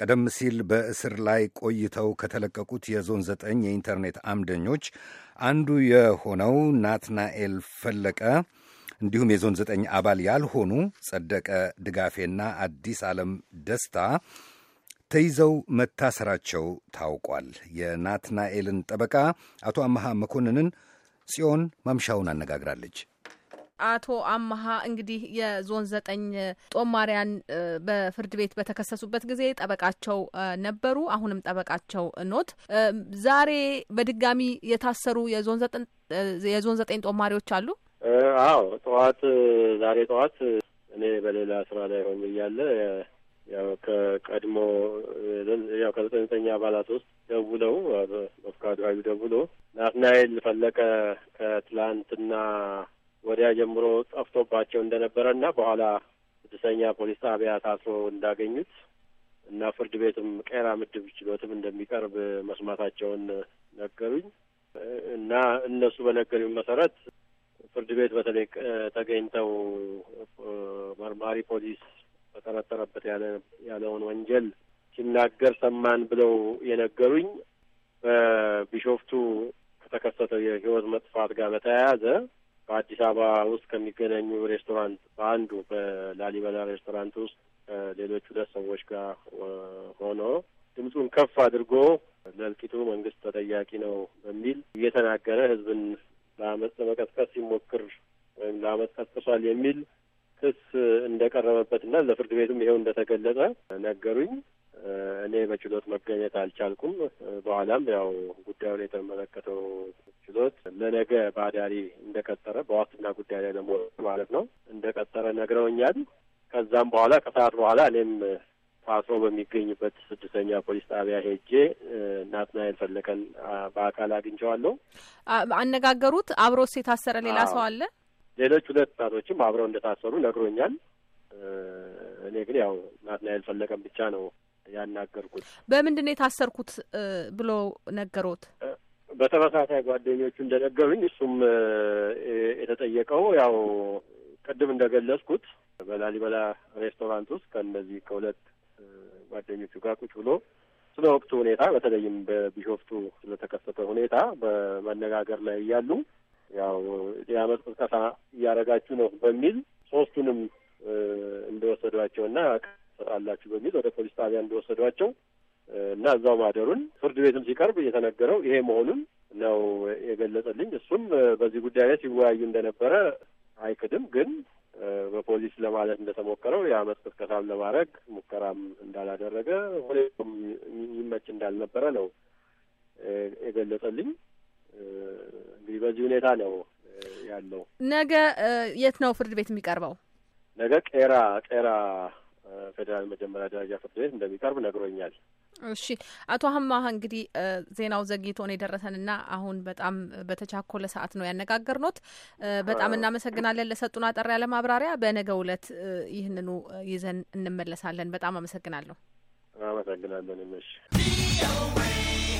ቀደም ሲል በእስር ላይ ቆይተው ከተለቀቁት የዞን ዘጠኝ የኢንተርኔት አምደኞች አንዱ የሆነው ናትናኤል ፈለቀ እንዲሁም የዞን ዘጠኝ አባል ያልሆኑ ጸደቀ ድጋፌና አዲስ ዓለም ደስታ ተይዘው መታሰራቸው ታውቋል። የናትናኤልን ጠበቃ አቶ አመሃ መኮንንን ጽዮን ማምሻውን አነጋግራለች። አቶ አመሀ እንግዲህ የዞን ዘጠኝ ጦማሪያን በፍርድ ቤት በተከሰሱበት ጊዜ ጠበቃቸው ነበሩ። አሁንም ጠበቃቸው ኖት። ዛሬ በድጋሚ የታሰሩ የዞን ዘጠኝ ጦማሪዎች አሉ። አዎ ጠዋት ዛሬ ጠዋት እኔ በሌላ ስራ ላይ ሆኜ እያለ ያው ከቀድሞ ያው ከዘጠኝ አባላት ውስጥ ደውለው በፍቃዱ ኃይሉ ደውሎ ናትናኤል ፈለቀ ከትላንትና ወዲያ ጀምሮ ጠፍቶባቸው እንደነበረ እና በኋላ ስድስተኛ ፖሊስ ጣቢያ ታስሮ እንዳገኙት እና ፍርድ ቤትም ቄራ ምድብ ችሎትም እንደሚቀርብ መስማታቸውን ነገሩኝ እና እነሱ በነገሩኝ መሰረት ፍርድ ቤት በተለይ ተገኝተው መርማሪ ፖሊስ በጠረጠረበት ያለውን ወንጀል ሲናገር ሰማን ብለው የነገሩኝ በቢሾፍቱ ከተከሰተው የሕይወት መጥፋት ጋር በተያያዘ በአዲስ አበባ ውስጥ ከሚገናኙ ሬስቶራንት በአንዱ በላሊበላ ሬስቶራንት ውስጥ ከሌሎች ሁለት ሰዎች ጋር ሆኖ ድምፁን ከፍ አድርጎ ለእልቂቱ መንግስት ተጠያቂ ነው በሚል እየተናገረ ህዝብን ለአመፅ ለመቀስቀስ ሲሞክር ወይም ለአመፅ ቀስቅሷል የሚል ክስ ና ለፍርድ ቤቱም ይሄው እንደተገለጸ ነገሩኝ። እኔ በችሎት መገኘት አልቻልኩም። በኋላም ያው ጉዳዩን የተመለከተው ችሎት ለነገ ባዳሪ እንደቀጠረ በዋስትና ጉዳይ ላይ ለሞ ማለት ነው እንደቀጠረ ነግረውኛል። ከዛም በኋላ ከሰዓት በኋላ እኔም ፋሶ በሚገኝበት ስድስተኛ ፖሊስ ጣቢያ ሄጄ ናትናኤል ፈለቀን በአካል አግኝቸዋለሁ። አነጋገሩት። አብሮስ የታሰረ ሌላ ሰው አለ? ሌሎች ሁለት ወጣቶችም አብረው እንደታሰሩ ነግሮኛል። እኔ ግን ያው ናትናኤል ፈለቀን ብቻ ነው ያናገርኩት። በምንድን ነው የታሰርኩት ብሎ ነገሮት? በተመሳሳይ ጓደኞቹ እንደነገሩኝ እሱም የተጠየቀው ያው ቅድም እንደገለጽኩት በላሊበላ ሬስቶራንት ውስጥ ከእነዚህ ከሁለት ጓደኞቹ ጋር ቁጭ ብሎ ስለ ወቅቱ ሁኔታ በተለይም በቢሾፍቱ ስለተከሰተ ሁኔታ በመነጋገር ላይ እያሉ ያው የአመት ቅስቀሳ እያደረጋችሁ ነው በሚል ሶስቱንም እንደወሰዷቸውና አላችሁ በሚል ወደ ፖሊስ ጣቢያ እንደወሰዷቸው እና እዛው ማደሩን ፍርድ ቤትም ሲቀርብ እየተነገረው ይሄ መሆኑን ነው የገለጸልኝ። እሱም በዚህ ጉዳይ ላይ ሲወያዩ እንደነበረ አይክድም። ግን በፖሊስ ለማለት እንደተሞከረው የአመት ቅስቀሳም ለማድረግ ሙከራም እንዳላደረገ ሁኔታም የሚመች እንዳልነበረ ነው የገለጸልኝ። እንግዲህ በዚህ ሁኔታ ነው ያለው። ነገ የት ነው ፍርድ ቤት የሚቀርበው? ነገ ቄራ ቄራ ፌዴራል መጀመሪያ ደረጃ ፍርድ ቤት እንደሚቀርብ ነግሮኛል። እሺ አቶ አህማህ እንግዲህ ዜናው ዘግይቶ ነው የደረሰንና አሁን በጣም በተቻኮለ ሰዓት ነው ያነጋገርኖት። በጣም እናመሰግናለን ለሰጡን አጠር ያለ ማብራሪያ። በነገው ዕለት ይህንኑ ይዘን እንመለሳለን። በጣም አመሰግናለሁ። አመሰግናለን። እሺ